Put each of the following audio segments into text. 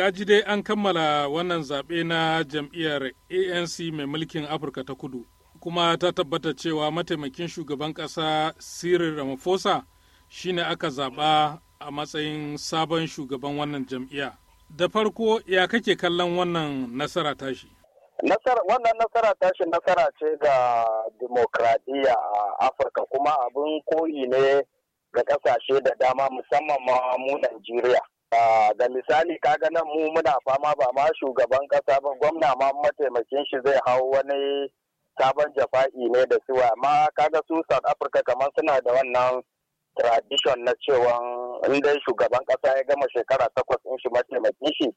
kaji dai an kammala wannan zaɓe na jam'iyyar anc mai mulkin afirka ta kudu kuma ta tabbata cewa mataimakin shugaban ƙasa cyril ramaphosa shine aka zaɓa a matsayin sabon shugaban wannan jam'iyya da farko ya kake kallon wannan nasara tashi wannan nasara tashi nasara ce ga demokradiyya a afirka kuma abin koyi ne ga kasashe da dama musamman ma mu najeriya Ah, da misali kaga nan mu muna fama ba ma shugaban kasa ba gwamna ma mataimakin shi zai hau wani sabon jafa'i ne da suwa amma kaga su south africa kamar suna da wannan tradition na cewa in dai shugaban kasa ya gama shekara takwas in shi mataimakin shi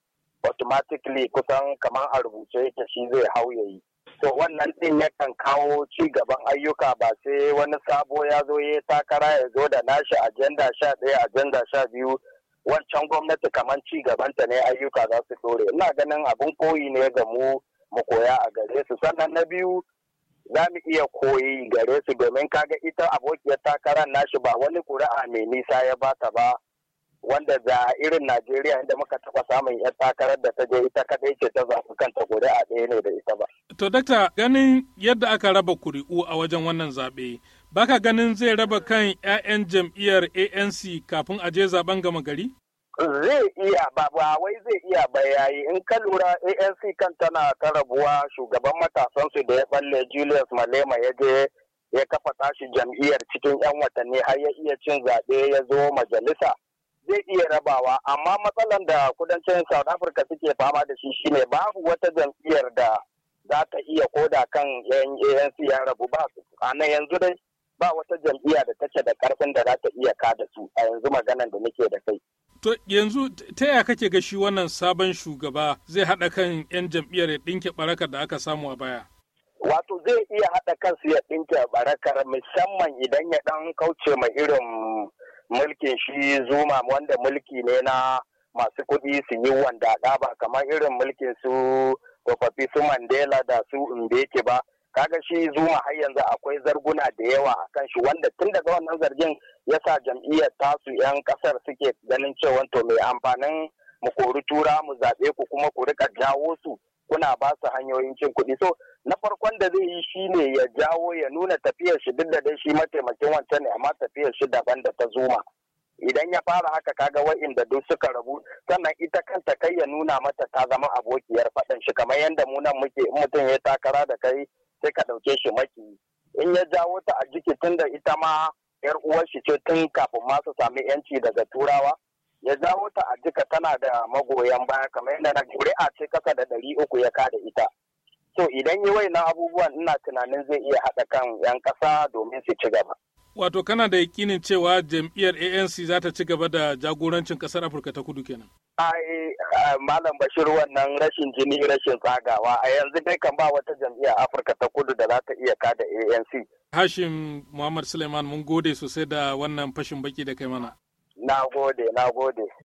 automatically kusan kamar a rubuce yake shi zai hau ya yi to wannan din yakan kawo ci gaban ayyuka ba sai wani sabo ya zo ya takara ya zo da nashi agenda sha ɗaya ajanda sha biyu wancan gwamnati kamar ci gabanta ne ayyuka za su dore ina ganin abin koyi ne ga mu mu koya a gare su sannan na biyu za mu iya koyi gare su domin kaga ita abokiyar takarar nashi ba wani kuri'a mai nisa ya bata ba wanda a irin Najeriya inda muka taɓa samun 'yan takarar da ta je ita kadai ce ta zafi kanta kuri'a ɗaya ne da ita ba. To, Dakta, ganin yadda aka raba kuri'u a wajen wannan zaɓe, baka ganin zai raba kan 'ya'yan jam'iyyar anc kafin a je zaben gama gari zai iya ba ba wai zai iya ba in ka lura anc kan tana ta rabuwa shugaban matasansu da ya balle julius malema ya je ya kafa tashi jam'iyyar cikin 'yan watanni har ya iya cin zaɓe ya zo majalisa zai iya rabawa amma matsalan da kudancin south africa suke fama da shi shine babu wata jam'iyyar da za ta iya koda kan 'yan ANC ya rabu ba su a yanzu dai ba wata jam'iyya da take da karfin da za ta iya da su a yanzu maganan da nake da kai. To yanzu ta yaya kake ga shi wannan sabon shugaba zai haɗa kan 'yan jam'iyyar ya ɗinke barakar da aka samu a baya? Wato zai iya haɗa kansu ya ɗinke barakar musamman idan ya ɗan kauce mai irin mulkin shi zuma wanda mulki ne na masu kuɗi su yi wanda ba kamar irin mulkin su tsofaffi su Mandela da su Mbeki ba kaga shi zuma har yanzu akwai zarguna da yawa a kan shi wanda tun daga wannan zargin ya sa jam'iyyar tasu 'yan kasar suke ganin cewa to mai amfanin mu kori tura mu zaɓe ku kuma ku rika jawo su kuna ba su hanyoyin cin kuɗi so na farkon da zai yi shi ne ya jawo ya nuna tafiyar shi duk da dai shi mataimakin wancan ne amma tafiyar shi daban da ta zuma idan ya fara haka kaga wa'inda duk suka rabu sannan ita kanta kai ya nuna mata ta zama abokiyar faɗan shi kamar yadda mu nan muke in mutum ya takara da kai sai ka ɗauke shi maki in ya jawo ta a jiki tun da ita ma yar uwar shi ce tun kafin ma su sami yanci daga turawa ya jawo ta a jika tana da magoyan baya kamar yadda na ƙuri'a ce kasa da ɗari uku ya kada ita To idan yi wai na abubuwan ina tunanin zai iya haɗa kan 'yan ƙasa domin su ci gaba. Wato kana da yakinin cewa jam'iyyar ANC za ta ci gaba da jagorancin ƙasar Afirka ta kudu kenan. Ai, Malam Bashir wannan rashin jini rashin tsagawa a yanzu dai kan ba wata jam'iyyar Afirka ta kudu da za ta iya kada ANC. Hashim Muhammad Suleiman mun gode sosai da wannan fashin baki da kai mana. Na gode, na gode.